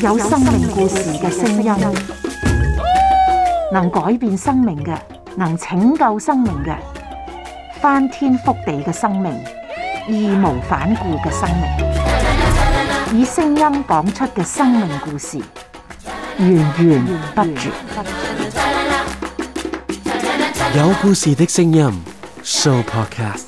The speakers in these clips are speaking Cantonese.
有生命故事嘅聲音，能改變生命嘅，能拯救生命嘅，翻天覆地嘅生命，義無反顧嘅生命，以聲音講出嘅生命故事，源源不絕。有故事嘅聲音，Show Podcast。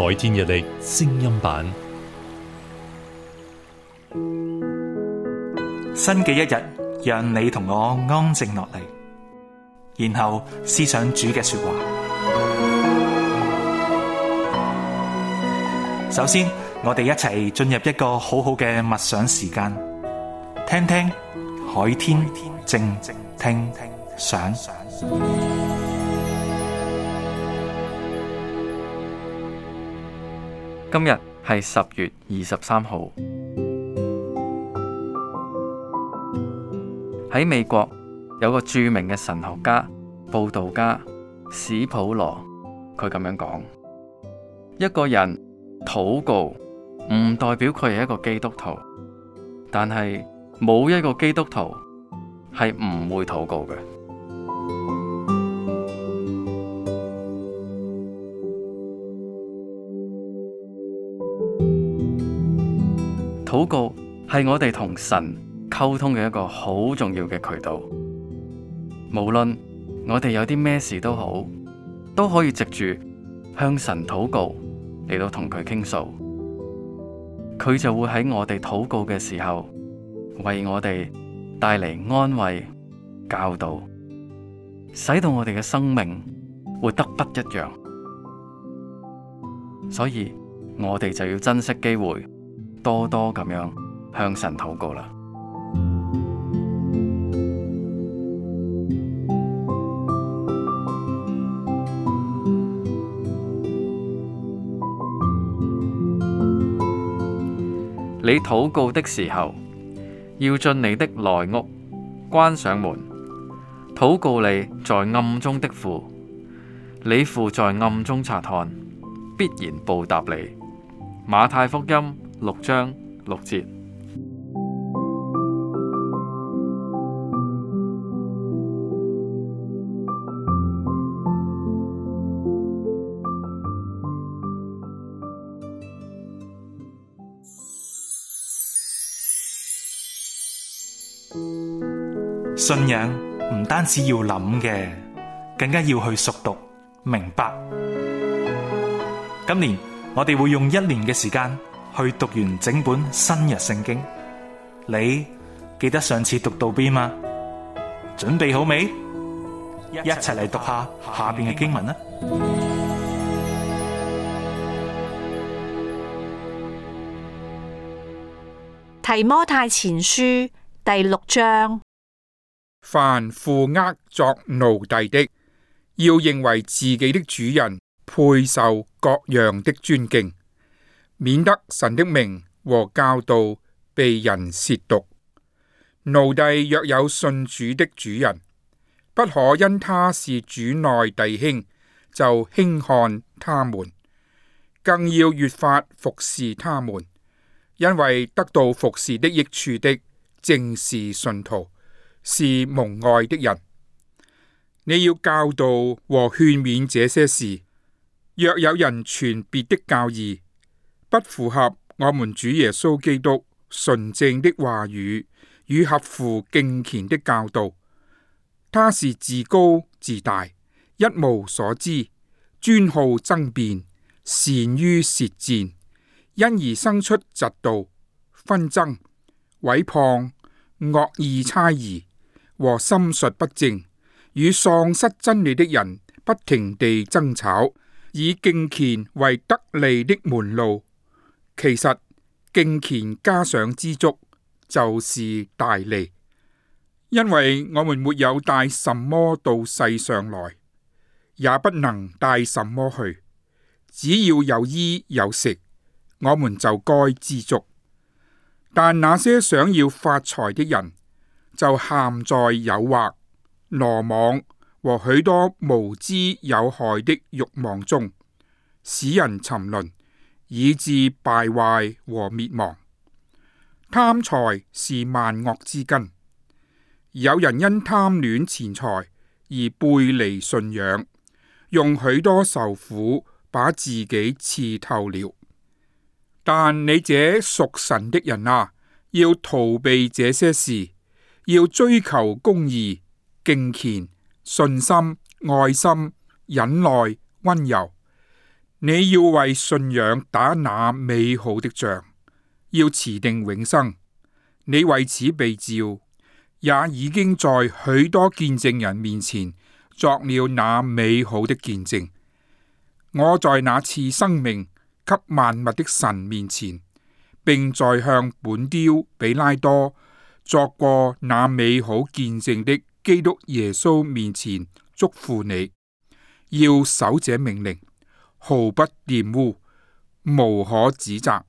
海天日曆聲音版，新嘅一日，讓你同我安靜落嚟，然後思想主嘅說話。首先，我哋一齊進入一個好好嘅默想時間，聽聽海天靜聽神。今日係十月二十三號，喺美國有個著名嘅神學家、布道家史普羅，佢咁樣講：一個人禱告唔代表佢係一個基督徒，但係冇一個基督徒係唔會禱告嘅。禱告係我哋同神溝通嘅一個好重要嘅渠道，無論我哋有啲咩事都好，都可以藉住向神禱告嚟到同佢傾訴，佢就會喺我哋禱告嘅時候為我哋帶嚟安慰、教導，使到我哋嘅生命活得不一樣。所以我哋就要珍惜機會。多多咁樣向神禱告啦。你禱告的時候，要進你的內屋，關上門，禱告你在暗中的父，你父在暗中察看，必然報答你。馬太福音。六章六節，信仰唔單止要諗嘅，更加要去熟讀明白。今年我哋會用一年嘅時間。去讀完整本新約聖經，你記得上次讀到邊嗎？準備好未？一齊嚟讀下下邊嘅經文啦。提摩太前書第六章，凡負軛作奴隸的，要認為自己的主人配受各樣的尊敬，免得神的名和教導被人褻瀆。奴隸若有信主的主人，不可因他是主內弟兄就輕看他們，更要越發服侍他們，因為得到服侍的益處的正是信徒，是蒙愛的人。你要教導和勸勉這些事。若有人傳別的教義，不符合我們主耶穌基督純正的話語與合乎敬虔的教導。他是自高自大，一無所知，專好爭辯，善於舌戰，因而生出嫉妒、紛爭、毀謗、惡意猜疑和心術不正，與喪失真理的人不停地爭吵，以敬虔為得利的門路。其實敬虔加上知足就是大利，因為我們沒有帶什麼到世上來，也不能帶什麼去。只要有衣有食，我們就該知足。但那些想要發財的人就陷在誘惑、羅網和許多無知有害的慾望中，使人沉淪。以致敗壞和滅亡。貪財是萬惡之根。有人因貪戀錢財而背離信仰，用許多愁苦把自己刺透了。但你這屬神的人啊，要逃避這些事，要追求公義、敬虔、信心、愛心、忍耐、溫柔。你要為信仰打那美好的仗，要持定永生。你為此被召，也已經在許多見證人面前作了那美好的見證。我在那賜生命給萬物的神面前，並在向本丟彼拉多作過那美好見證的基督耶穌面前，祝福你要守這命令。毫不玷污，無可指責，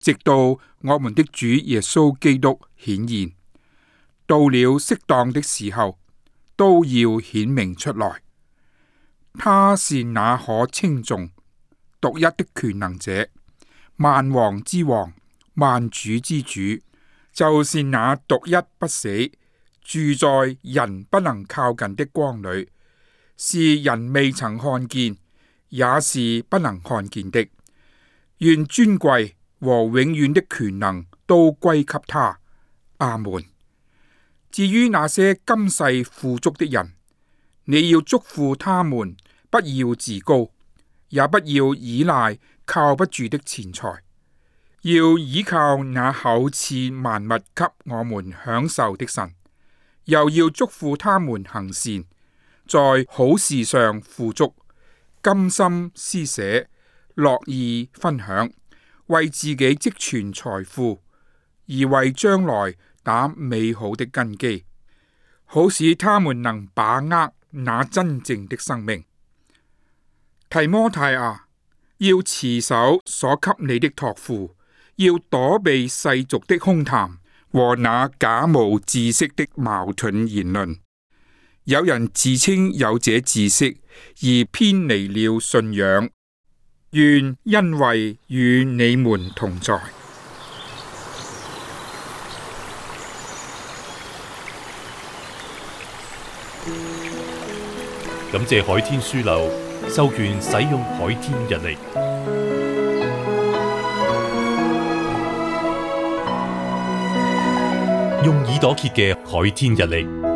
直到我們的主耶穌基督顯現，到了適當的時候，都要顯明出來。他是那可稱頌、獨一的權能者，萬王之王，萬主之主，就是那獨一不死、住在人不能靠近的光裏，是人未曾看見。也是不能看見的。願尊貴和永遠的權能都歸給他。阿門。至於那些今世富足的人，你要祝福他們，不要自高，也不要依賴靠不住的錢財，要依靠那厚賜萬物給我們享受的神。又要祝福他們行善，在好事上富足。甘心施捨，樂意分享，為自己積存財富，而為將來打美好的根基，好使他們能把握那真正的生命。提摩太啊，要持守所給你的託付，要躲避世俗的空談和那假冒知識的矛盾言論。有人自稱有這知識，而偏離了信仰，願恩惠與你們同在。感謝海天書樓授權使用海天日曆，用耳朵揭嘅海天日曆。